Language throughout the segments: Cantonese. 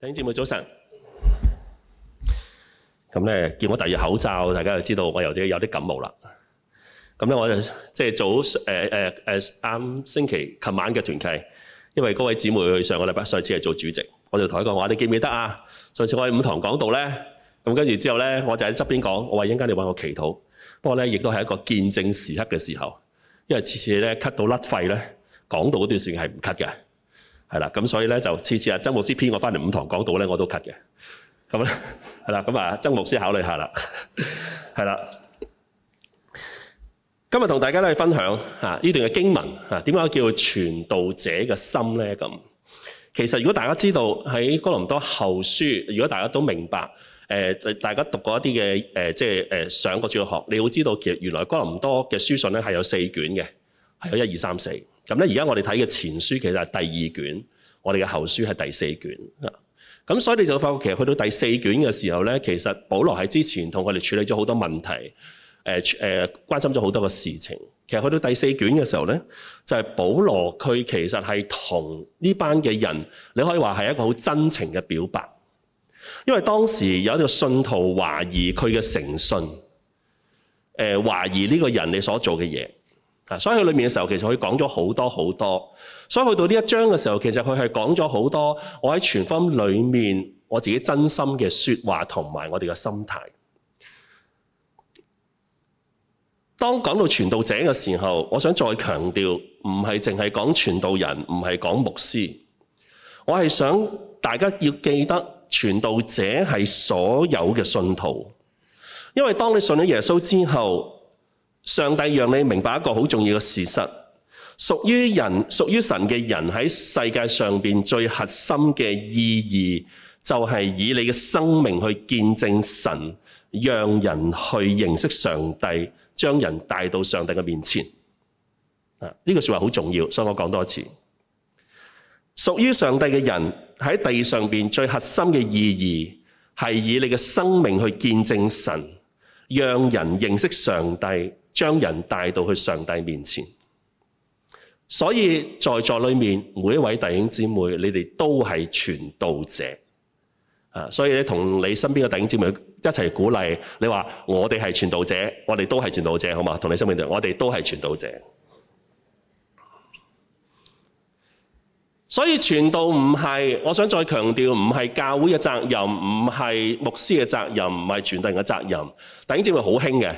弟兄姊妹早晨，咁咧見我戴住口罩，大家就知道我有啲有啲感冒啦。咁咧我就即係早誒誒誒，啱、呃呃啊、星期琴晚嘅團契，因為嗰位姊妹上個禮拜上次係做主席，我就同佢講話你記唔記得啊？上次我喺五堂講道咧，咁跟住之後咧，我就喺側邊講，我話一陣間你揾我祈禱。不過咧，亦都係一個見證時刻嘅時候，因為次次咧咳到甩肺咧，講道嗰段線係唔咳嘅。係啦，咁所以咧就次次、啊、阿曾牧師編我翻嚟五堂講到咧，我都咳嘅。咁係啦，咁啊，曾牧師考慮下啦。係 啦，今日同大家咧分享嚇呢段嘅經文嚇，點解叫做傳道者嘅心咧？咁其實如果大家知道喺哥林多後書，如果大家都明白誒、呃，大家讀過一啲嘅誒，即係誒、呃、上過主學，你會知道其實原來哥林多嘅書信咧係有四卷嘅，係有一二三四。咁咧，而家我哋睇嘅前書其實係第二卷，我哋嘅後書係第四卷啊。咁所以你就發覺其實去到第四卷嘅時候咧，其實保羅喺之前同佢哋處理咗好多問題，誒、呃、誒、呃、關心咗好多個事情。其實去到第四卷嘅時候咧，就係、是、保羅佢其實係同呢班嘅人，你可以話係一個好真情嘅表白，因為當時有一個信徒懷疑佢嘅誠信，誒、呃、懷疑呢個人你所做嘅嘢。所以佢裏面嘅時候，其實佢講咗好多好多。所以去到呢一章嘅時候，其實佢係講咗好多。我喺傳福音裏面，我自己真心嘅説話同埋我哋嘅心態。當講到傳道者嘅時候，我想再強調，唔係淨係講傳道人，唔係講牧師。我係想大家要記得，傳道者係所有嘅信徒，因為當你信咗耶穌之後。上帝讓你明白一個好重要嘅事實，屬於人、屬於神嘅人喺世界上面最核心嘅意義，就係以你嘅生命去見證神，讓人去認識上帝，將人帶到上帝嘅面前。啊，呢個説話好重要，所以我講多次。屬於上帝嘅人喺地上面最核心嘅意義，係以你嘅生命去見證神，讓人認識上帝。將人帶到去上帝面前，所以在座裏面每一位弟兄姊妹，你哋都係傳道者。所以咧，同你身邊嘅弟兄姊妹一齊鼓勵，你話我哋係傳道者，我哋都係傳道者，好嘛？同你身邊嘅弟兄姊妹，我哋都係傳道者。所以傳道唔係，我想再強調，唔係教會嘅責任，唔係牧師嘅責任，唔係傳道人嘅責任。弟兄姊妹好興嘅。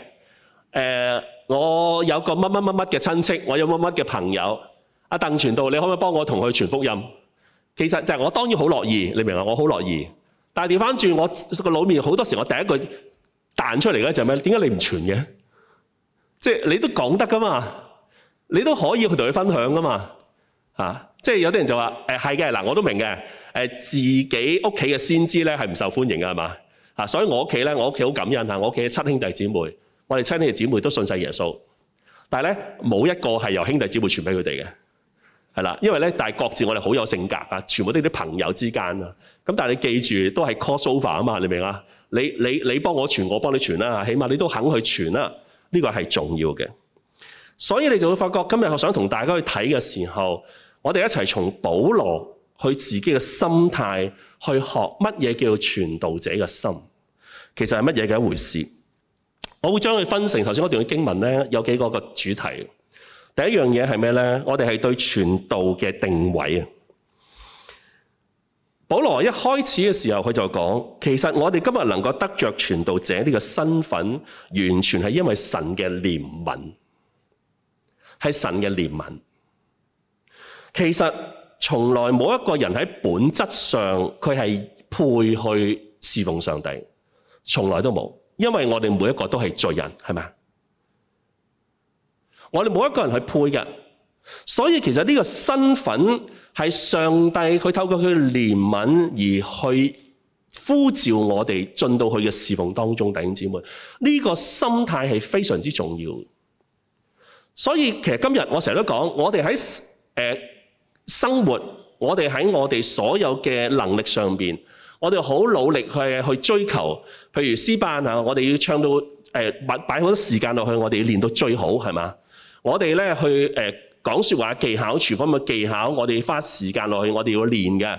誒、呃，我有個乜乜乜乜嘅親戚，我有乜乜嘅朋友，阿鄧傳道，你可唔可以幫我同佢傳福音？其實就係我當然好樂意，你明唔明？我好樂意，但係調翻轉，我個腦面好多時，我第一句彈出嚟嘅就係咩？點解你唔傳嘅？即係你都講得噶嘛，你都可以去同佢分享噶嘛嚇。即係有啲人就話誒係嘅嗱，我都明嘅，誒、呃，自己屋企嘅先知咧係唔受歡迎嘅係嘛嚇，所以我屋企咧，我屋企好感恩下我屋企嘅七兄弟姊妹。我哋親啲嘅姊妹都信晒耶穌，但係咧冇一個係由兄弟姊妹傳俾佢哋嘅，係啦，因為咧，但係各自我哋好有性格啊，全部都啲朋友之間啊，咁但係你記住，都係 cross over 啊嘛，你明唔明啊？你你你幫我傳，我幫你傳啦，起碼你都肯去傳啦，呢個係重要嘅。所以你就會發覺，今日我想同大家去睇嘅時候，我哋一齊從保羅去自己嘅心態去學乜嘢叫傳道者嘅心，其實係乜嘢嘅一回事。我會將佢分成頭先嗰段嘅經文咧，有幾個個主題。第一樣嘢係咩呢？我哋係對傳道嘅定位啊！保羅一開始嘅時候，佢就講：其實我哋今日能夠得著傳道者呢個身份，完全係因為神嘅憐憫，係神嘅憐憫。其實從來冇一個人喺本質上佢係配去侍奉上帝，從來都冇。因為我哋每一個都係罪人，係咪啊？我哋冇一個人去配嘅，所以其實呢個身份係上帝佢透過佢憐憫而去呼召我哋進到佢嘅侍奉當中。弟兄姊妹，呢個心態係非常之重要。所以其實今日我成日都講，我哋喺誒生活，我哋喺我哋所有嘅能力上邊。我哋好努力去追求，譬如詩班啊，我哋要唱到誒、呃、擺好多時間落去，我哋要練到最好係嘛？我哋呢去誒講説話技巧，廚房嘅技巧，我哋花時間落去，我哋要練嘅、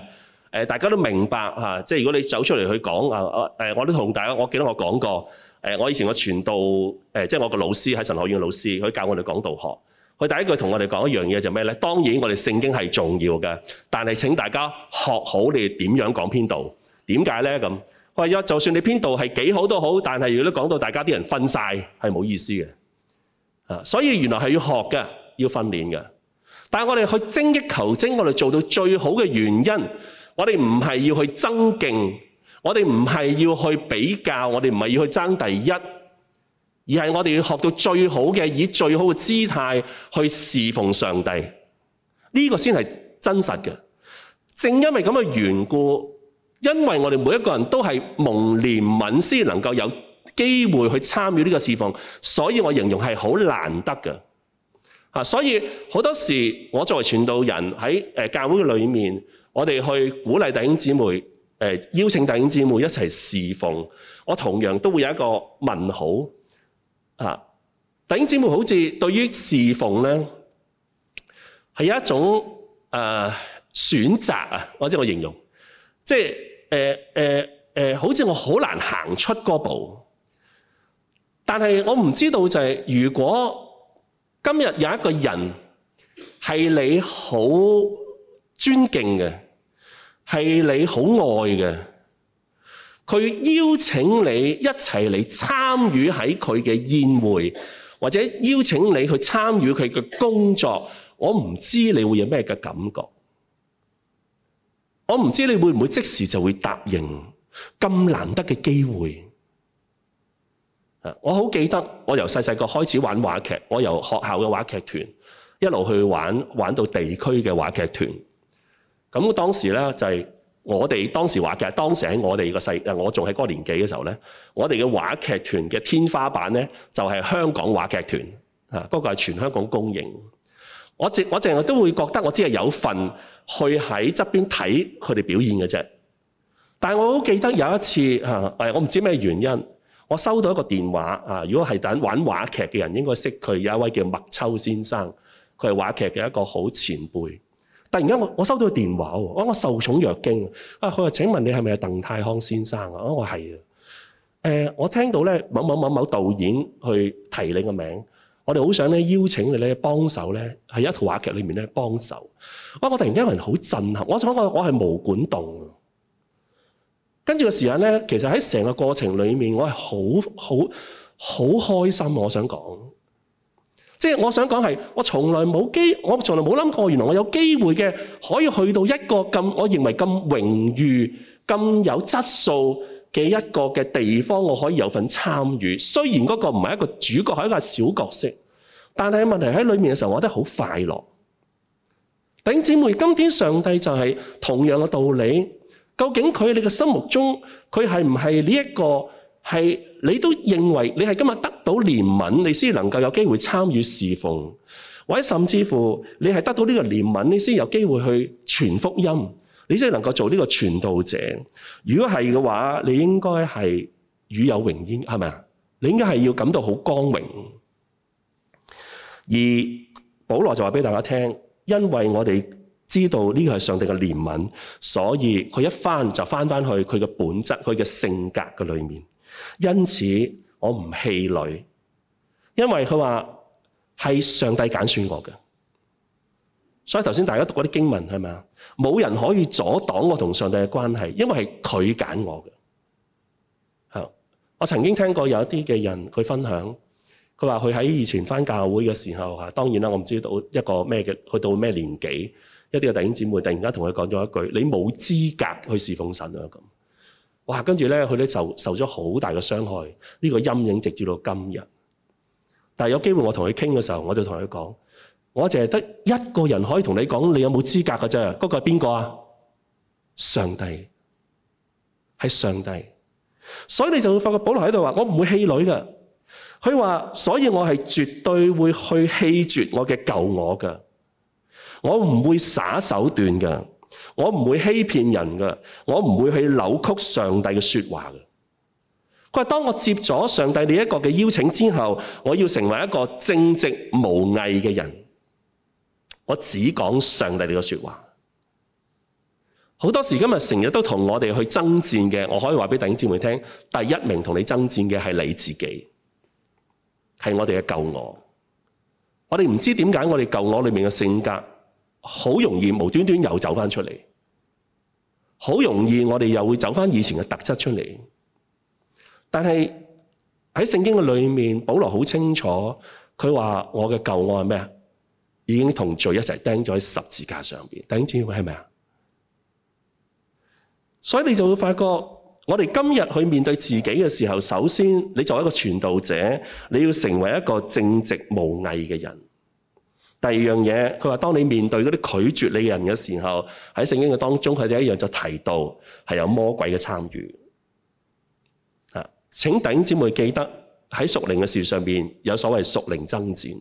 呃。大家都明白嚇、啊，即係如果你走出嚟去講啊、呃、我都同大家，我記得我講過、呃、我以前個傳道誒、呃，即係我個老師喺神學院嘅老師，佢教我哋講道學。佢第一句同我哋講一樣嘢就咩呢？當然我哋聖經係重要嘅，但係請大家學好你點樣講篇道。點解咧？咁我話：就算你編導係幾好都好，但係如果講到大家啲人瞓晒，係冇意思嘅。所以原來係要學嘅，要訓練嘅。但係我哋去精益求精，我哋做到最好嘅原因，我哋唔係要去增勁，我哋唔係要去比較，我哋唔係要去爭第一，而係我哋要學到最好嘅，以最好嘅姿態去侍奉上帝。呢個先係真實嘅。正因為咁嘅緣故。因為我哋每一個人都係蒙憐憫先能夠有機會去參與呢個侍奉，所以我形容係好難得嘅。吓、啊，所以好多時我作為傳道人喺誒教會嘅裏面，我哋去鼓勵弟兄姊妹，誒、呃、邀請弟兄姊妹一齊侍奉，我同樣都會有一個問號。啊，弟兄姊妹好似對於侍奉咧，係有一種誒、呃、選擇啊，或者我形容，即係。誒誒誒，好似我好難行出嗰步，但係我唔知道就係，如果今日有一個人係你好尊敬嘅，係你好愛嘅，佢邀請你一齊嚟參與喺佢嘅宴會，或者邀請你去參與佢嘅工作，我唔知你會有咩嘅感覺。我唔知你會唔會即時就會答應咁難得嘅機會。我好記得，我由細細個開始玩話劇，我由學校嘅話劇團一路去玩玩到地區嘅話劇團。咁當時呢，就係我哋當時話劇，當時喺我哋個細，我仲喺嗰個年紀嘅時候呢，我哋嘅話劇團嘅天花板呢，就係香港話劇團啊，嗰個係全香港公營。我直我成日都會覺得我只係有份去喺側邊睇佢哋表演嘅啫。但係我好記得有一次吓，誒我唔知咩原因，我收到一個電話啊。如果係等玩話劇嘅人應該識佢，有一位叫麥秋先生，佢係話劇嘅一個好前輩。突然間我我收到個電話喎，我我受寵若驚啊！佢話：請問你係咪鄧泰康先生啊？我話係啊。誒、呃，我聽到咧某某某某導演去提你個名。我哋好想咧邀請你咧幫手咧，喺一套話劇裏面咧幫手。哇！我突然間個人好震撼，我想講我係無管動。跟住個時間咧，其實喺成個過程裏面，我係好好好開心。我想講，即係我想講係，我從來冇機，我從來冇諗過，原來我有機會嘅，可以去到一個咁，我認為咁榮譽、咁有質素。嘅一個嘅地方，我可以有份參與。雖然嗰個唔係一個主角，係一個小角色，但係問題喺裏面嘅時候，我覺得好快樂。頂姊妹，今天上帝就係同樣嘅道理。究竟佢喺你嘅心目中，佢係唔係呢一個？係你都認為你係今日得到憐憫，你先能夠有機會參與侍奉，或者甚至乎你係得到呢個憐憫，你先有機會去傳福音。你即係能夠做呢個傳道者，如果係嘅話，你應該係與有榮焉，係咪？你應該係要感到好光榮。而保羅就話俾大家聽，因為我哋知道呢個係上帝嘅憐憫，所以佢一翻就翻翻去佢嘅本質、佢嘅性格嘅裏面。因此我唔氣餒，因為佢話係上帝揀選我嘅。所以頭先大家讀嗰啲經文係嘛？冇人可以阻擋我同上帝嘅關係，因為係佢揀我嘅。嚇！我曾經聽過有一啲嘅人佢分享，佢話佢喺以前返教會嘅時候嚇，當然啦，我唔知道一個咩嘅，去到咩年紀，一啲嘅弟兄姊妹突然間同佢講咗一句：你冇資格去侍奉神啊！咁，哇！跟住咧，佢咧就受咗好大嘅傷害，呢個陰影直至到今日。但係有機會我同佢傾嘅時候，我就同佢講。我淨係得一個人可以同你講，你有冇資格嘅啫？嗰個係邊個啊？上帝，係上帝。所以你就會發覺保羅喺度話：我唔會氣餒嘅。佢話：所以我係絕對會去棄絕我嘅舊我嘅。我唔會耍手段嘅，我唔會欺騙人嘅，我唔會去扭曲上帝嘅說話嘅。佢話：當我接咗上帝呢一個嘅邀請之後，我要成為一個正直無偽嘅人。我只講上帝呢個說話。好多時今日成日都同我哋去爭戰嘅，我可以話俾弟兄姊妹聽，第一名同你爭戰嘅係你自己，係我哋嘅舊我。我哋唔知點解，我哋舊我裏面嘅性格好容易無端端又走翻出嚟，好容易我哋又會走翻以前嘅特質出嚟。但係喺聖經嘅裏面，保羅好清楚，佢話我嘅舊我係咩啊？已經同罪一齊釘咗喺十字架上面，弟兄姊妹係咪啊？所以你就會發覺，我哋今日去面對自己嘅時候，首先你作為一個傳道者，你要成為一個正直無偽嘅人。第二樣嘢，佢話當你面對嗰啲拒絕你嘅人嘅時候，喺聖經嘅當中，佢哋一樣就提到係有魔鬼嘅參與。啊，請弟兄姊妹記得喺屬靈嘅事上面，有所謂屬靈爭戰。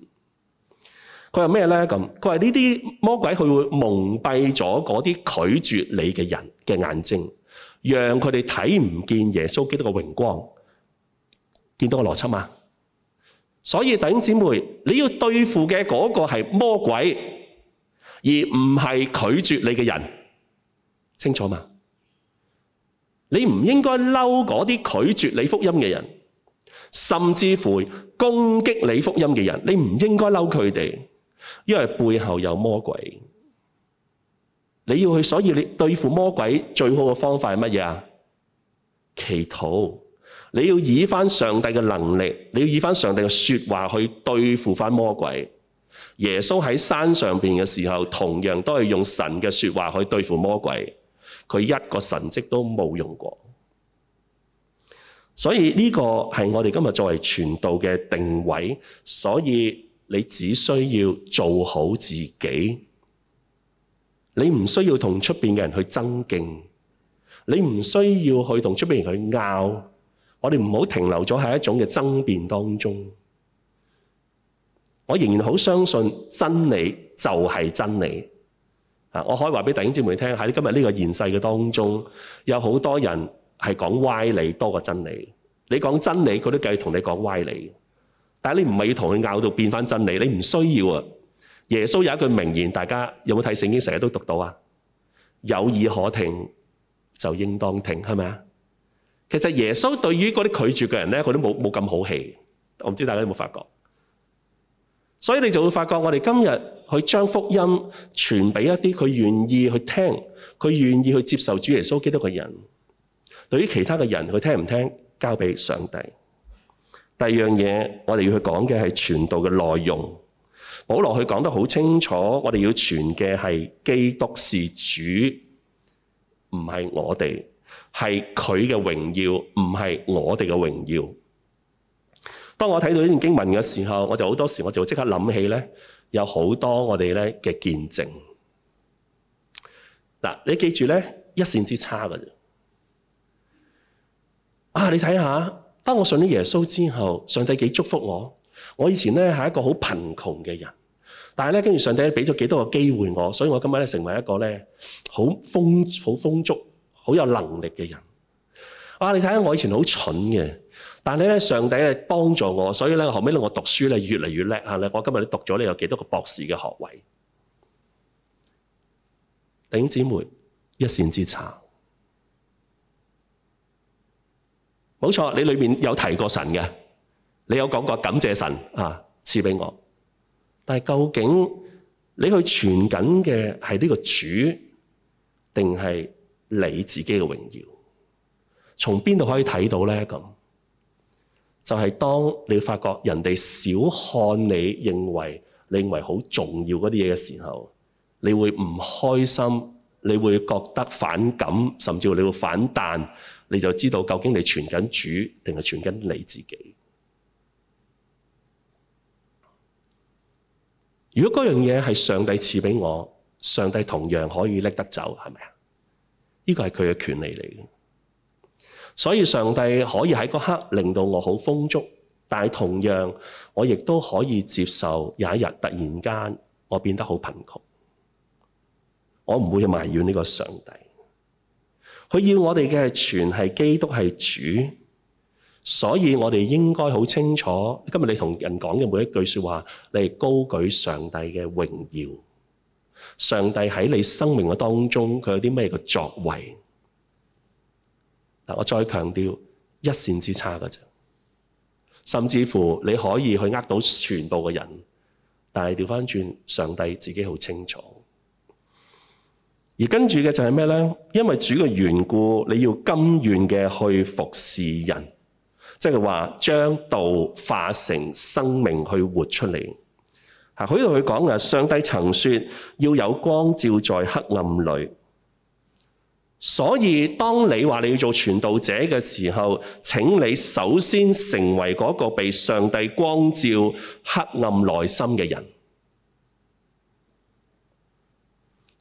佢話咩呢？咁佢話呢啲魔鬼佢會蒙蔽咗嗰啲拒絕你嘅人嘅眼睛，讓佢哋睇唔見耶穌基督嘅榮光。見到個邏輯嘛？所以弟兄姊妹，你要對付嘅嗰個係魔鬼，而唔係拒絕你嘅人。清楚嘛？你唔應該嬲嗰啲拒絕你福音嘅人，甚至乎攻擊你福音嘅人，你唔應該嬲佢哋。因為背後有魔鬼，你要去，所以你對付魔鬼最好嘅方法係乜嘢啊？祈禱，你要以返上帝嘅能力，你要以返上帝嘅說話去對付返魔鬼。耶穌喺山上邊嘅時候，同樣都係用神嘅說話去對付魔鬼，佢一個神蹟都冇用過。所以呢、這個係我哋今日作為傳道嘅定位，所以。你只需要做好自己，你唔需要同出面嘅人去爭競，你唔需要去同出面人去拗。我哋唔好停留咗喺一種嘅爭辯當中。我仍然好相信真理就係真理。啊，我可以話俾弟兄姊妹聽，喺今日呢個現世嘅當中，有好多人係講歪理多過真理。你講真理，佢都繼續同你講歪理。但係你唔係要同佢拗到變翻真理，你唔需要啊！耶穌有一句名言，大家有冇睇聖經成日都讀到啊？有耳可聽就應當聽，係咪啊？其實耶穌對於嗰啲拒絕嘅人咧，佢都冇冇咁好氣，我唔知大家有冇發覺。所以你就會發覺，我哋今日去將福音傳俾一啲佢願意去聽、佢願意去接受主耶穌基督嘅人。對於其他嘅人，佢聽唔聽，交俾上帝。第二樣嘢，我哋要去講嘅係傳道嘅內容。保羅佢講得好清楚，我哋要傳嘅係基督是主，唔係我哋，係佢嘅榮耀，唔係我哋嘅榮耀。當我睇到呢段經文嘅時候，我就好多時我就會即刻諗起呢，有好多我哋呢嘅見證。嗱，你記住呢，一線之差㗎啫。啊，你睇下。當我信咗耶穌之後，上帝幾祝福我。我以前咧係一個好貧窮嘅人，但係跟住上帝俾咗幾多個機會我，所以我今日成為一個咧好豐好豐足、好有能力嘅人。啊、你睇下我以前好蠢嘅，但係上帝係幫助我，所以咧後尾我讀書越嚟越叻啊！我今日都讀咗咧有幾多個博士嘅學位。弟兄姊妹，一線之差。冇錯，你裏面有提過神嘅，你有講過感謝神啊，賜俾我，但係究竟你去傳緊嘅係呢個主，定係你自己嘅榮耀？從邊度可以睇到呢？咁就係、是、當你發覺人哋小看你，認為你認為好重要嗰啲嘢嘅時候，你會唔開心？你會覺得反感，甚至你會反彈，你就知道究竟你傳緊主，定係傳緊你自己。如果嗰樣嘢係上帝賜俾我，上帝同樣可以拎得走，係咪啊？呢個係佢嘅權利嚟嘅。所以上帝可以喺嗰刻令到我好豐足，但係同樣我亦都可以接受有一日突然間我變得好貧窮。我唔會去埋怨呢個上帝，佢要我哋嘅係全係基督係主，所以我哋應該好清楚，今日你同人講嘅每一句說話，你係高舉上帝嘅榮耀。上帝喺你生命嘅當中，佢有啲咩嘅作為？嗱，我再強調一線之差㗎啫，甚至乎你可以去呃到全部嘅人，但係掉返轉，上帝自己好清楚。而跟住嘅就係咩咧？因為主嘅緣故，你要甘願嘅去服侍人，即係話將道化成生命去活出嚟。啊，好似佢講嘅，上帝曾說要有光照在黑暗裏。所以當你話你要做傳道者嘅時候，請你首先成為嗰個被上帝光照黑暗內心嘅人。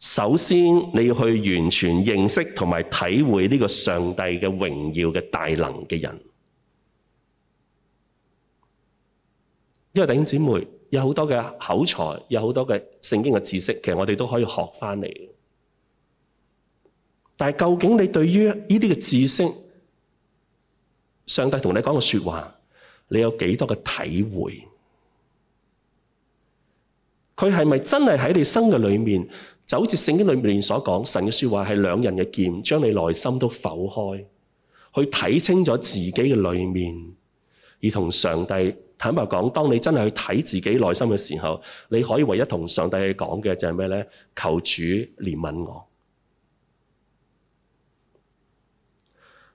首先你要去完全認識同埋體會呢個上帝嘅榮耀嘅大能嘅人。因為弟兄姊妹有好多嘅口才，有好多嘅聖經嘅知識，其實我哋都可以學翻嚟。但係究竟你對於呢啲嘅知識，上帝同你講嘅說話，你有幾多嘅體會？佢係咪真係喺你心嘅裏面？就好似聖經裏面所講，神嘅説話係兩刃嘅劍，將你內心都剖開，去睇清咗自己嘅裏面，而同上帝坦白講。當你真係去睇自己內心嘅時候，你可以唯一同上帝去講嘅就係咩呢？求主憐憫我。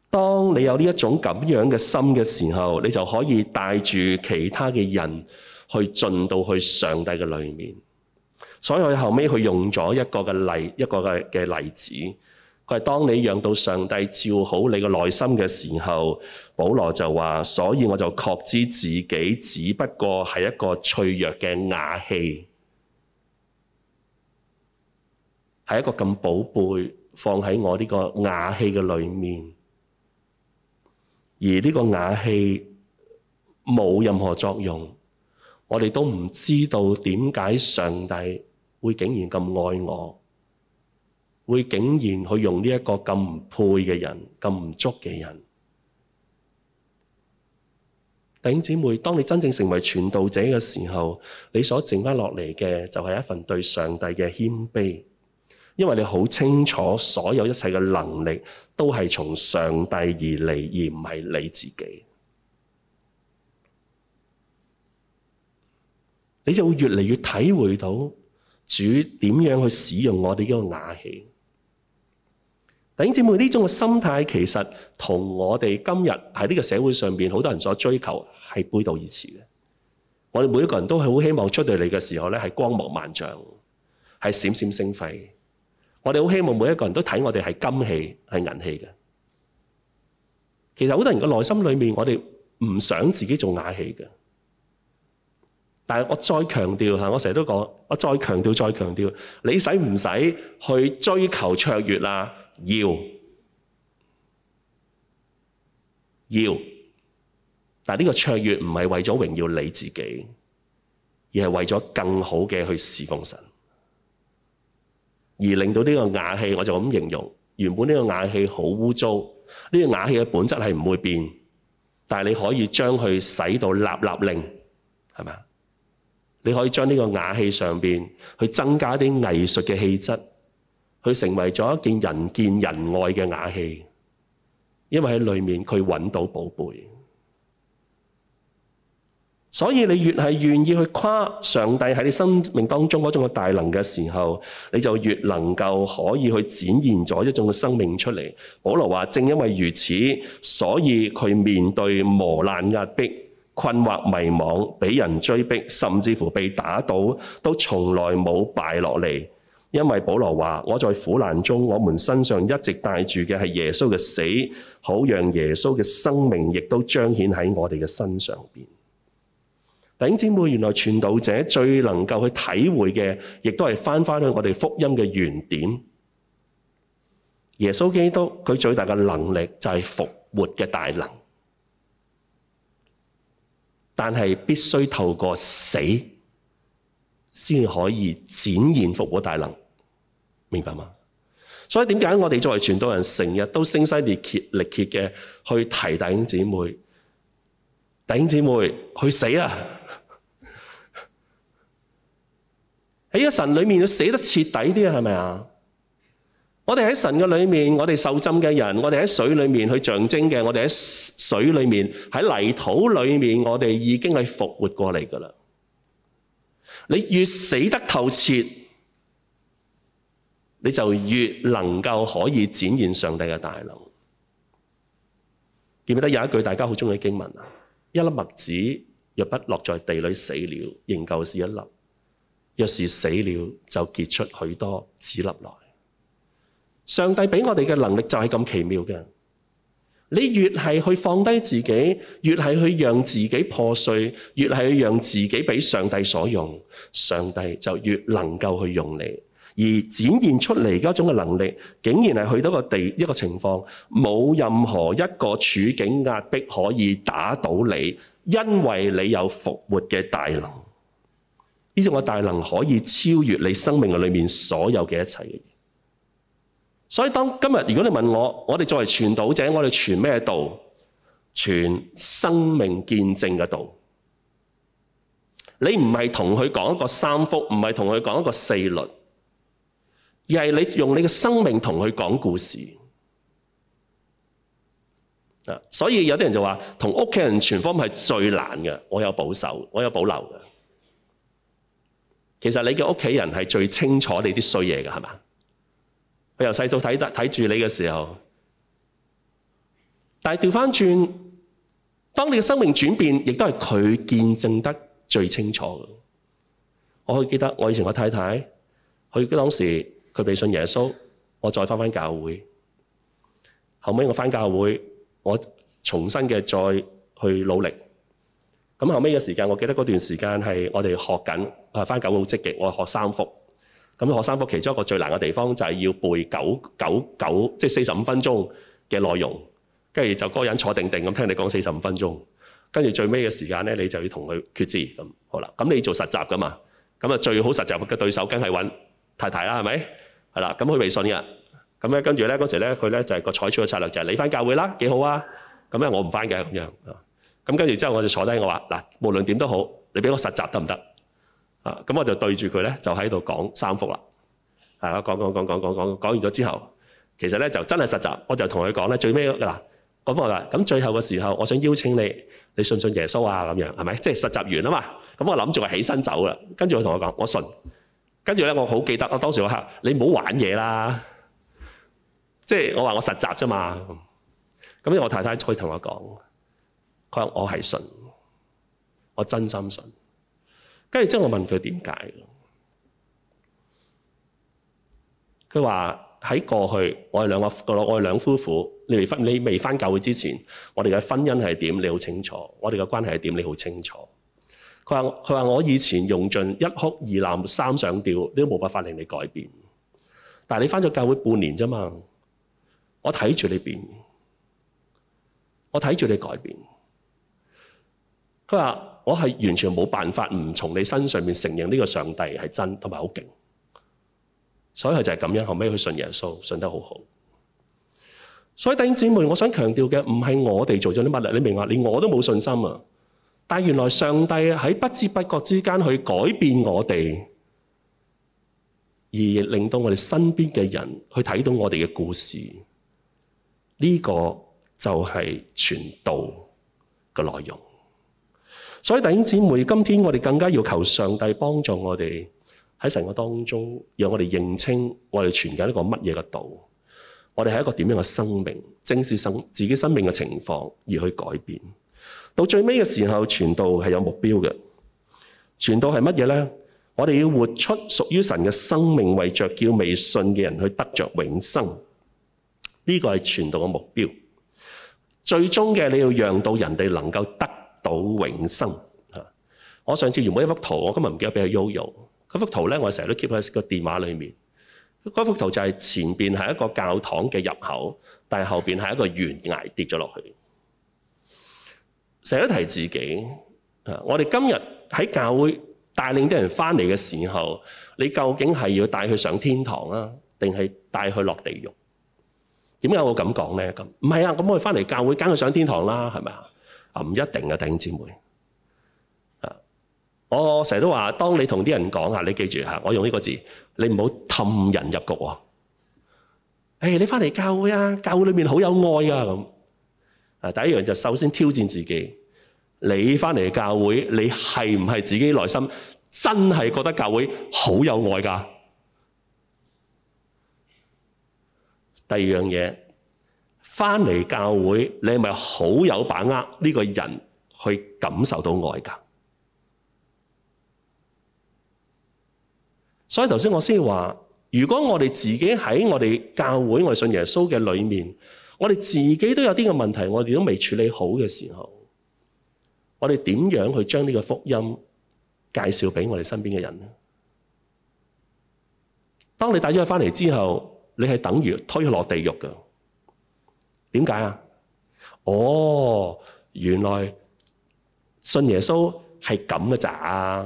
當你有呢一種咁樣嘅心嘅時候，你就可以帶住其他嘅人去進到去上帝嘅裏面。所以佢後尾佢用咗一個嘅例，一個嘅嘅例子，佢係當你讓到上帝照好你嘅內心嘅時候，保羅就話：所以我就確知自己只不過係一個脆弱嘅瓦器，係一個咁寶貝放喺我呢個瓦器嘅裏面，而呢個瓦器冇任何作用，我哋都唔知道點解上帝。會竟然咁愛我，會竟然去用呢一個咁唔配嘅人，咁唔足嘅人，弟兄姊妹，當你真正成為傳道者嘅時候，你所剩翻落嚟嘅就係一份對上帝嘅謙卑，因為你好清楚所有一切嘅能力都係從上帝而嚟，而唔係你自己，你就會越嚟越體會到。主點樣去使用我哋呢個瓦器？弟兄姊妹，呢種嘅心態，其實同我哋今日喺呢個社會上邊好多人所追求係背道而馳嘅。我哋每一個人都好希望出到嚟嘅時候咧，係光芒萬丈，係閃閃星輝。我哋好希望每一個人都睇我哋係金器、係銀器嘅。其實好多人嘅內心裡面，我哋唔想自己做瓦器嘅。但係，我再強調我成日都講，我再強調，再強調，你使唔使去追求卓越啊？要，要，但係呢個卓越唔係為咗榮耀你自己，而係為咗更好嘅去侍奉神，而令到呢個雅氣，我就咁形容，原本呢個雅氣好污糟，呢、呢個雅氣嘅本質係唔會變，但係你可以將佢洗到立立令，係咪？你可以將呢個瓦器上面去增加一啲藝術嘅氣質，去成為咗一件人見人愛嘅瓦器。因為喺裏面佢揾到寶貝，所以你越係願意去誇上帝喺你生命當中嗰種嘅大能嘅時候，你就越能夠可以去展現咗一種嘅生命出嚟。保羅話：正因為如此，所以佢面對磨難壓迫。困惑迷惘、迷茫，俾人追逼，甚至乎被打倒，都從來冇敗落嚟。因為保羅話：我在苦難中，我們身上一直帶住嘅係耶穌嘅死，好讓耶穌嘅生命亦都彰顯喺我哋嘅身上面。弟兄姊妹，原來傳道者最能夠去體會嘅，亦都係返返去我哋福音嘅原點。耶穌基督佢最大嘅能力就係復活嘅大能。但係必須透過死，先可以展現復活大能，明白嗎？所以點解我哋作為傳道人，成日都聲嘶力竭力竭嘅去提弟兄姊妹，弟兄姊妹去死啊！喺 個神裏面要死得徹底啲，係咪啊？我哋喺神嘅裏面，我哋受浸嘅人，我哋喺水裏面去象徵嘅，我哋喺水裏面喺泥土裏面，我哋已經係復活過嚟㗎喇。你越死得透徹，你就越能夠可以展現上帝嘅大能。記唔記得有一句大家好中意嘅經文啊？一粒麥子若不落在地裏死了，仍舊是一粒；若是死了，就結出許多子粒來。上帝俾我哋嘅能力就係咁奇妙嘅，你越係去放低自己，越係去讓自己破碎，越係去讓自己俾上帝所用，上帝就越能夠去用你，而展現出嚟嗰種嘅能力，竟然係去到個地一個情況，冇任何一個處境壓迫可以打倒你，因為你有復活嘅大能，呢種嘅大能可以超越你生命裏面所有嘅一切。所以當今日如果你問我，我哋作為傳道者，我哋傳咩道？傳生命見證嘅道。你唔係同佢講一個三福，唔係同佢講一個四律，而係你用你嘅生命同佢講故事。所以有啲人就話，同屋企人傳福音係最難嘅，我有保守，我有保留嘅。其實你嘅屋企人係最清楚你啲衰嘢嘅，係咪？佢由細到睇住你嘅時候，但係調翻轉，當你嘅生命轉變，亦都係佢見證得最清楚的。我可以記得，我以前我太太，佢嗰時佢被信耶穌，我再翻翻教會，後尾我翻教會，我重新嘅再去努力。咁後尾嘅時間，我記得嗰段時間係我哋學緊，啊翻教會好積極，我學三福。咁學生課其中一個最難嘅地方就係要背九九九，即係四十五分鐘嘅內容，跟住就嗰個人坐定定咁聽你講四十五分鐘，跟住最尾嘅時間呢，你就要同佢決志咁。好啦，咁你做實習噶嘛？咁啊最好實習嘅對手梗係揾太太啦，係咪？係啦，咁佢未信嘅，咁咧跟住咧嗰時咧佢咧就係、是、個採取嘅策略就係你翻教會啦，幾好啊？咁咧我唔翻嘅咁樣，咁跟住之後我就坐低我話嗱，無論點都好，你俾我實習得唔得？啊，咁、嗯、我就對住佢咧，就喺度講三幅啦，係、嗯、啊，講講講講講講講完咗之後，其實咧就真係實習，我就同佢講咧，最尾嗱嗰幅啦，咁最後嘅時候，我想邀請你，你信唔信耶穌啊？咁樣係咪？即係實習完啊嘛，咁我諗住起身走啦。跟住佢同我講，我信。跟住咧，我好記得，我當時我嚇，你唔好玩嘢啦，即係我話我實習啫嘛。咁因為我太太再同我講，佢話我係信，我真心信。跟住之後我問佢點解？佢話，喺過去我哋兩個個我哋兩夫婦，你未翻你未翻教會之前，我哋嘅婚姻係點？你好清楚，我哋嘅關係係點？你好清楚。佢話，佢話，我以前用盡一哭二鬧三上吊，你都冇辦法令你改變。但係你翻咗教會半年啫嘛，我睇住你變，我睇住你改變。佢話。我係完全冇辦法唔從你身上面承認呢個上帝係真同埋好勁，所以佢就係咁樣，後尾去信耶穌，信得好好。所以弟兄姊妹，我想強調嘅唔係我哋做咗啲乜嘢，你明嘛？連我都冇信心啊！但原來上帝喺不知不覺之間去改變我哋，而令到我哋身邊嘅人去睇到我哋嘅故事，呢個就係傳道嘅內容。所以弟兄姊妹，今天我哋更加要求上帝幫助我哋喺神個當中，讓我哋認清我哋存在一個乜嘢嘅道，我哋係一個點樣嘅生命，正是生自己生命嘅情況而去改變，到最尾嘅時候，傳道係有目標嘅，傳道係乜嘢咧？我哋要活出屬於神嘅生命，為着叫未信嘅人去得着永生。呢、這個係傳道嘅目標，最終嘅你要讓到人哋能夠得。到永生嚇！我上次原本一幅圖，我今日唔記得俾阿 Yoyo。嗰幅圖咧，我成日都 keep 喺個電話裡面。嗰幅圖就係前邊係一個教堂嘅入口，但係後邊係一個懸崖跌咗落去。成日都提自己。我哋今日喺教會帶領啲人翻嚟嘅時候，你究竟係要帶佢上天堂啊，定係帶佢落地獄？點解我咁講咧？咁唔係啊！咁我哋翻嚟教會，梗係帶佢上天堂啦，係咪啊？啊，唔一定嘅弟兄姊妹。啊、我成日都話，當你同啲人講啊，你記住吓、啊，我用呢個字，你唔好氹人入局喎、啊哎。你返嚟教會啊，教會裏面好有愛啊，啊，啊第一樣就首先挑戰自己，你返嚟教會，你係唔係自己內心真係覺得教會好有愛㗎、啊？第二樣嘢。返嚟教會，你係咪好有把握呢個人去感受到愛噶？所以頭先我先話，如果我哋自己喺我哋教會，我哋信耶穌嘅裏面，我哋自己都有啲嘅問題，我哋都未處理好嘅時候，我哋點樣去將呢個福音介紹俾我哋身邊嘅人咧？當你帶咗佢返嚟之後，你係等於推落地獄噶。點解啊？哦，原來信耶穌係咁嘅咋。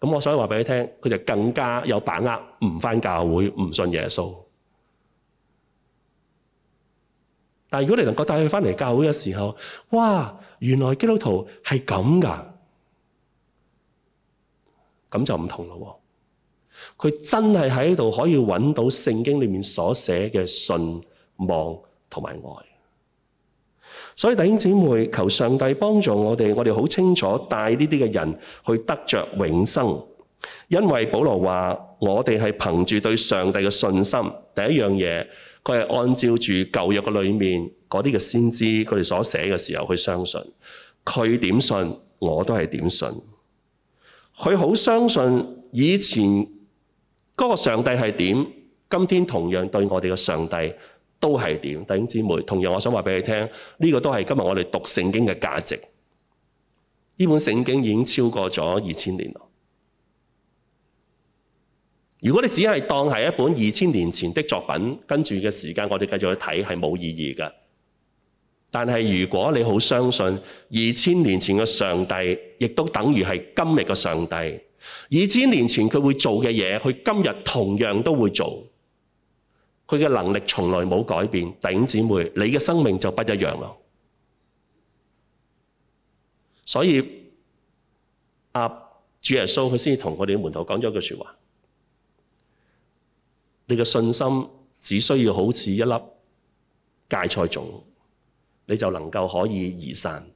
咁我想話俾你聽，佢就更加有把握唔翻教會，唔信耶穌。但係如果你能夠帶佢翻嚟教會嘅時候，哇，原來基督徒係咁噶，咁就唔同咯。佢真係喺度可以揾到聖經裏面所寫嘅信。望同埋愛，所以弟兄姊妹求上帝幫助我哋。我哋好清楚帶呢啲嘅人去得着永生，因為保羅話：我哋係憑住對上帝嘅信心。第一樣嘢，佢係按照住舊約嘅裏面嗰啲嘅先知佢哋所寫嘅時候去相信。佢點信，我都係點信。佢好相信以前嗰個上帝係點，今天同樣對我哋嘅上帝。都係點，弟兄姊妹。同樣，我想話俾你聽，呢、這個都係今日我哋讀聖經嘅價值。呢本聖經已經超過咗二千年咯。如果你只係當係一本二千年前的作品，跟住嘅時間，我哋繼續去睇係冇意義嘅。但係如果你好相信二千年前嘅上，上帝，亦都等於係今日嘅上帝。二千年前佢會做嘅嘢，佢今日同樣都會做。佢嘅能力從來冇改變，弟兄姊妹，你嘅生命就不一樣咯。所以阿、啊、主耶穌佢先至同我哋嘅門徒講咗一句説話：你嘅信心只需要好似一粒芥菜種，你就能夠可以移山，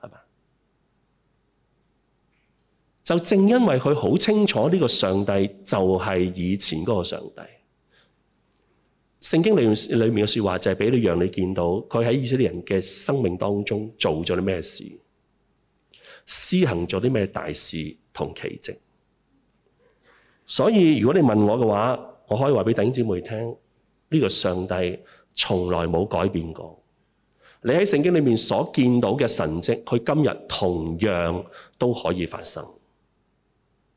係嘛？就正因為佢好清楚呢個上帝就係以前嗰個上帝。聖經裏面裏面嘅說話就係俾你讓你見到佢喺以色列人嘅生命當中做咗啲咩事，施行咗啲咩大事同奇蹟。所以如果你問我嘅話，我可以話俾弟兄姊妹聽，呢個上帝從來冇改變過。你喺聖經裏面所見到嘅神蹟，佢今日同樣都可以發生。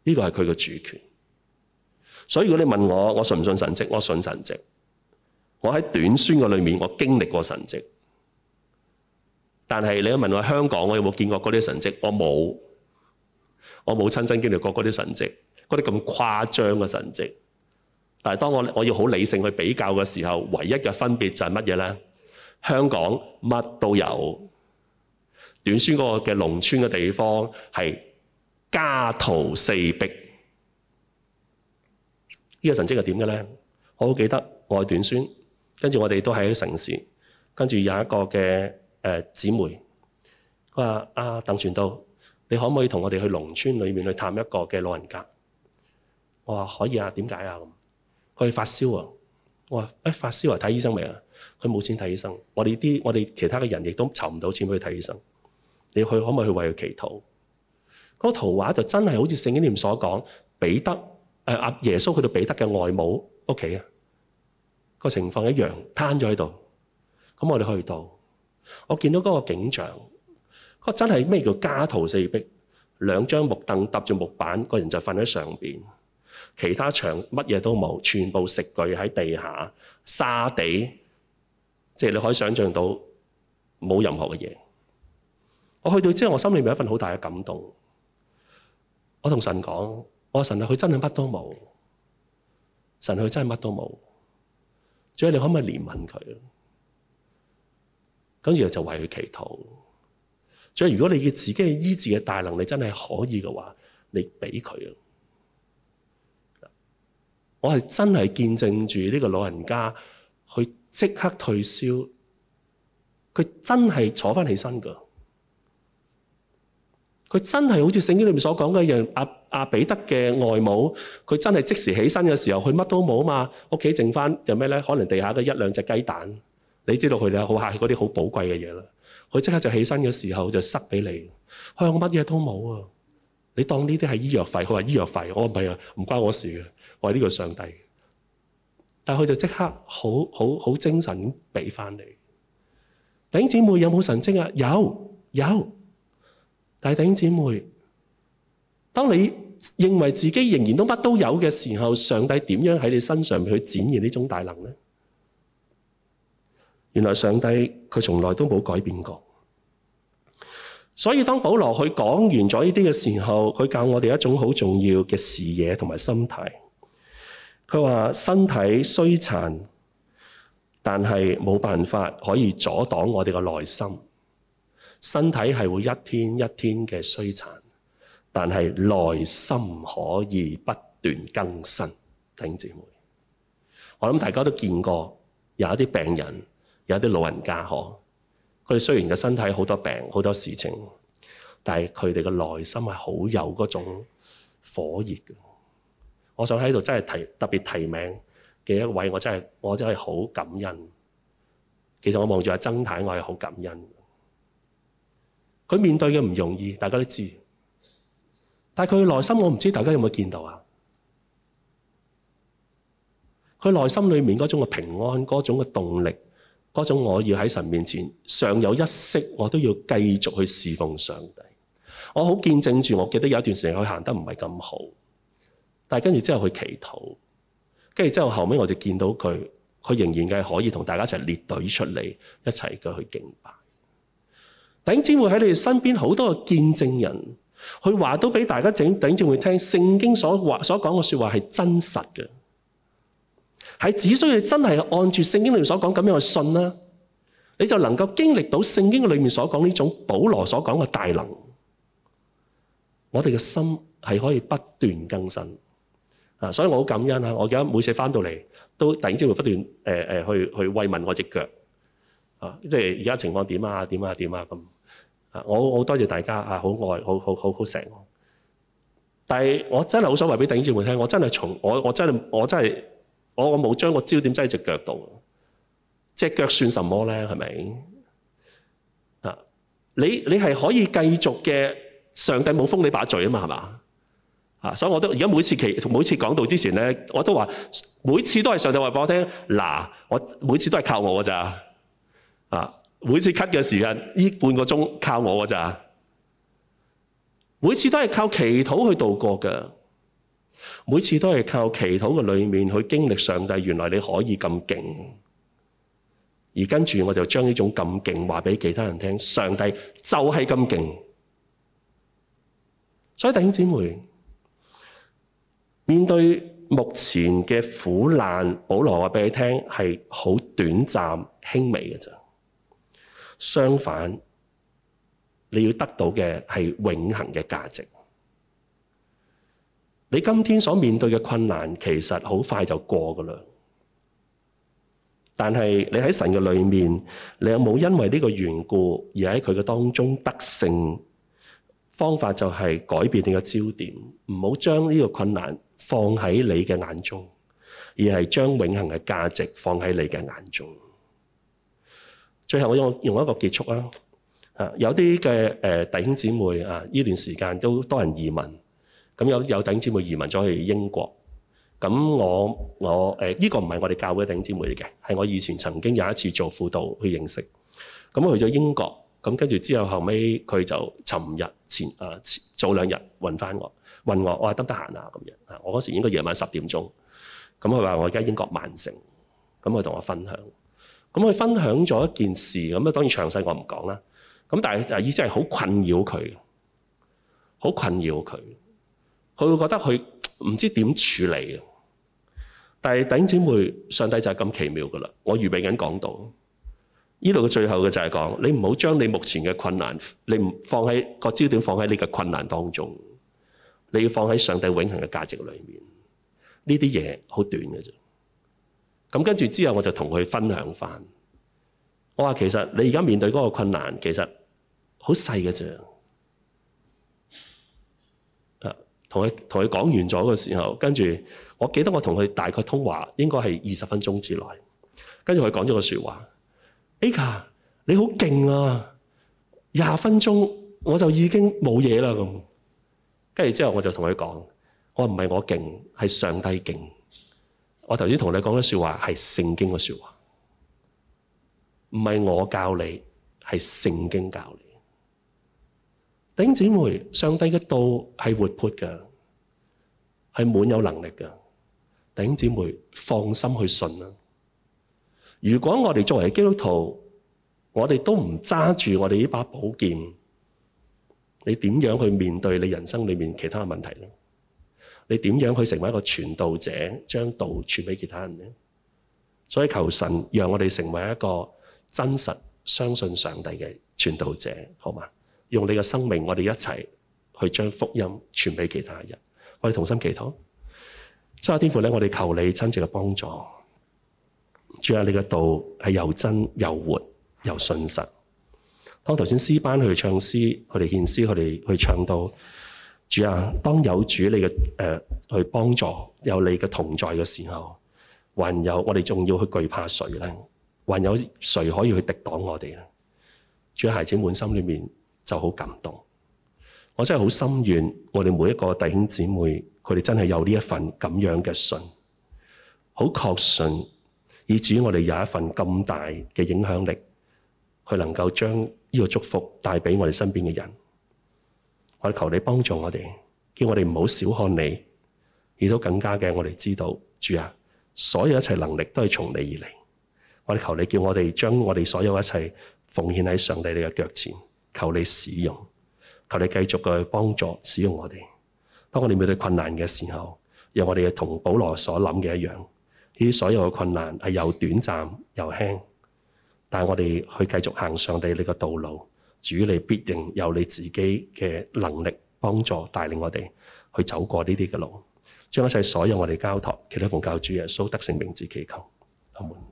呢個係佢嘅主權。所以如果你問我，我信唔信神蹟？我信神蹟。我喺短宣嘅裏面，我經歷過神跡，但係你問我香港，我有冇見過嗰啲神跡？我冇，我冇親身經歷過嗰啲神跡，嗰啲咁誇張嘅神跡。但係當我我要好理性去比較嘅時候，唯一嘅分別就係乜嘢呢？香港乜都有，短宣嗰個嘅農村嘅地方係家徒四壁。呢個神跡係點嘅呢？我好記得我喺短宣。跟住我哋都喺城市，跟住有一個嘅誒姊妹，佢話：阿、啊、鄧傳道，你可唔可以同我哋去農村裏面去探一個嘅老人家？我話，可以啊，點解啊？佢發燒啊！我話：誒、哎、發燒啊，睇醫生未啊？佢冇錢睇醫生，我哋啲我哋其他嘅人亦都籌唔到錢俾佢睇醫生。你去可唔可以去為佢祈禱？嗰、那個圖畫就真係好似聖經裏面所講，彼得誒阿耶穌去到彼得嘅外母屋企啊！個情況一樣，癱咗喺度。咁我哋去到，我見到嗰個景象，嗰個真係咩叫家徒四壁，兩張木凳搭住木板，個人就瞓喺上邊。其他牆乜嘢都冇，全部食具喺地下，沙地，即係你可以想象到冇任何嘅嘢。我去到之後，我心裏面有一份好大嘅感動。我同神講：，我神啊，佢真係乜都冇。神佢真係乜都冇。所以你可唔可以憐憫佢？跟住就為佢祈禱。所以如果你嘅自己嘅醫治嘅大能力，真係可以嘅話，你俾佢。我係真係見證住呢個老人家，佢即刻退燒，佢真係坐翻起身㗎。佢真係好似聖經裏面所講嘅一樣，阿阿彼得嘅外母，佢真係即時起身嘅時候，佢乜都冇啊嘛，屋企剩翻就咩咧？可能地下嘅一兩隻雞蛋，你知道佢就好客氣嗰啲好寶貴嘅嘢啦。佢即刻就起身嘅時候就塞俾你，佢話我乜嘢都冇啊！你當呢啲係醫藥費？佢話醫藥費，我唔係啊，唔關我事嘅。我話呢個上帝，但係佢就即刻好好好精神咁俾翻你。弟兄姊妹有冇神蹟啊？有有。但係，弟兄姐妹，當你認為自己仍然都乜都有嘅時候，上帝點樣喺你身上去展現呢種大能呢？原來上帝佢從來都冇改變過。所以當保羅佢講完咗呢啲嘅時候，佢教我哋一種好重要嘅視野同埋心態。佢話身體衰殘，但係冇辦法可以阻擋我哋嘅內心。身體係會一天一天嘅衰殘，但係內心可以不斷更新。弟兄姊妹，我諗大家都見過，有一啲病人，有一啲老人家，嗬，佢哋雖然嘅身體好多病、好多事情，但係佢哋嘅內心係好有嗰種火熱嘅。我想喺度真係提特別提名嘅一位，我真係我真係好感恩。其實我望住阿曾太，我係好感恩。佢面對嘅唔容易，大家都知。但係佢內心，我唔知大家有冇見到啊？佢內心裏面嗰種嘅平安，嗰種嘅動力，嗰種我要喺神面前尚有一息，我都要繼續去侍奉上帝。我好見證住，我記得有一段時間佢行得唔係咁好，但係跟住之後去祈禱，跟住之後後尾我哋見到佢，佢仍然係可以同大家一齊列隊出嚟，一齊嘅去敬拜。頂尖會喺你哋身邊好多嘅見證人，去話都俾大家頂頂尖會聽，聖經所話所講嘅說話係真實嘅，係只需要你真係按住聖經裏面所講咁樣去信啦，你就能夠經歷到聖經裏面所講呢種保羅所講嘅大能，我哋嘅心係可以不斷更新啊！所以我好感恩啊！我而家每次翻到嚟都頂尖會不斷誒誒、呃呃、去去慰問我隻腳啊，即係而家情況點啊點啊點啊咁。我我多謝大家啊，好愛，好好好好錫我。但係我真係好想話俾弟兄姊妹聽，我真係從我我真係我真係我我冇將個焦點擠喺隻腳度。隻腳算什麼咧？係咪啊？你你係可以繼續嘅。上帝冇封你把嘴啊嘛，係嘛啊？所以我都而家每次期每次講道之前咧，我都話，每次都係上帝話俾我聽。嗱、啊，我每次都係靠我噶咋啊？每次咳嘅時間，呢半個鐘靠我噶咋？每次都係靠祈禱去度過嘅，每次都係靠祈禱嘅裏面去經歷上帝。原來你可以咁勁，而跟住我就將呢種咁勁話俾其他人聽。上帝就係咁勁，所以弟兄姊妹，面對目前嘅苦難，保羅話俾你聽係好短暫、輕微嘅啫。相反，你要得到嘅係永恒嘅價值。你今天所面對嘅困難，其實好快就過㗎啦。但係你喺神嘅裏面，你又沒有冇因為呢個緣故而喺佢嘅當中得勝，方法就係改變你嘅焦點，唔好將呢個困難放喺你嘅眼中，而係將永恒嘅價值放喺你嘅眼中。最後我用用一個結束啦。啊，有啲嘅誒弟兄姊妹啊，呢段時間都多人移民，咁有有弟兄姊妹移民咗去英國。咁我我誒呢、呃這個唔係我哋教會嘅弟兄姊妹嚟嘅，係我以前曾經有一次做輔導去認識。咁我去咗英國，咁跟住之後後尾，佢就尋日前啊早兩日揾翻我，揾我我話得唔得閒啊咁樣啊？樣，我嗰時應該夜晚十點鐘，咁佢話我而家英國曼城，咁佢同我分享。咁佢分享咗一件事，咁啊當然詳細我唔講啦。咁但係意思係好困擾佢，好困擾佢，佢會覺得佢唔知點處理嘅。但係頂姊妹，上帝就係咁奇妙噶啦，我預備緊講到呢度嘅最後嘅就係講你唔好將你目前嘅困難，你唔放喺個焦點放喺呢個困難當中，你要放喺上帝永恆嘅價值裏面。呢啲嘢好短嘅啫。咁跟住之後我，我就同佢分享翻。我話其實你而家面對嗰個困難，其實好細嘅啫。啊，同佢同佢講完咗嘅時候，跟住我記得我同佢大概通話，應該係二十分鐘之內。跟住佢講咗個説話：Aka 你好勁啊！廿分鐘我就已經冇嘢啦。咁跟住之後我，我就同佢講：我唔係我勁，係上帝勁。我頭先同你講嘅說話係聖經嘅說話，唔係我教你，係聖經教你。弟兄姊妹，上帝嘅道係活潑嘅，係滿有能力嘅。弟兄姊妹，放心去信啦。如果我哋作為基督徒，我哋都唔揸住我哋呢把寶劍，你點樣去面對你人生裏面其他的問題咧？你點樣去成為一個傳道者，將道傳俾其他人呢？所以求神讓我哋成為一個真實相信上帝嘅傳道者，好嘛？用你嘅生命，我哋一齊去將福音傳俾其他人。我哋同心祈禱。神啊，天父咧，我哋求你親切嘅幫助，主啊，你嘅道係又真又活又信實。當頭先詩班去唱詩，佢哋獻詩，佢哋去唱到。主啊，當有主你嘅誒、呃、去幫助，有你嘅同在嘅時候，還有我哋仲要去懼怕誰呢？還有誰可以去敵擋我哋呢？主嘅、啊、孩子滿心裏面就好感動，我真係好心願，我哋每一個弟兄姊妹，佢哋真係有呢一份咁樣嘅信，好確信，以至於我哋有一份咁大嘅影響力，佢能夠將呢個祝福帶俾我哋身邊嘅人。我哋求你幫助我哋，叫我哋唔好小看你，亦都更加嘅我哋知道，主啊，所有一切能力都係從你而嚟。我哋求你叫我哋將我哋所有一切奉獻喺上帝你嘅腳前，求你使用，求你繼續嘅幫助使用我哋。當我哋面對困難嘅時候，讓我哋同保羅所諗嘅一樣，呢啲所有嘅困難係又短暫又輕，但係我哋去繼續行上帝你嘅道路。主你必定有你自己嘅能力幫助帶領我哋去走過呢啲嘅路，將一切所有我哋交託，求都奉靠主耶穌得勝名字祈求，阿門。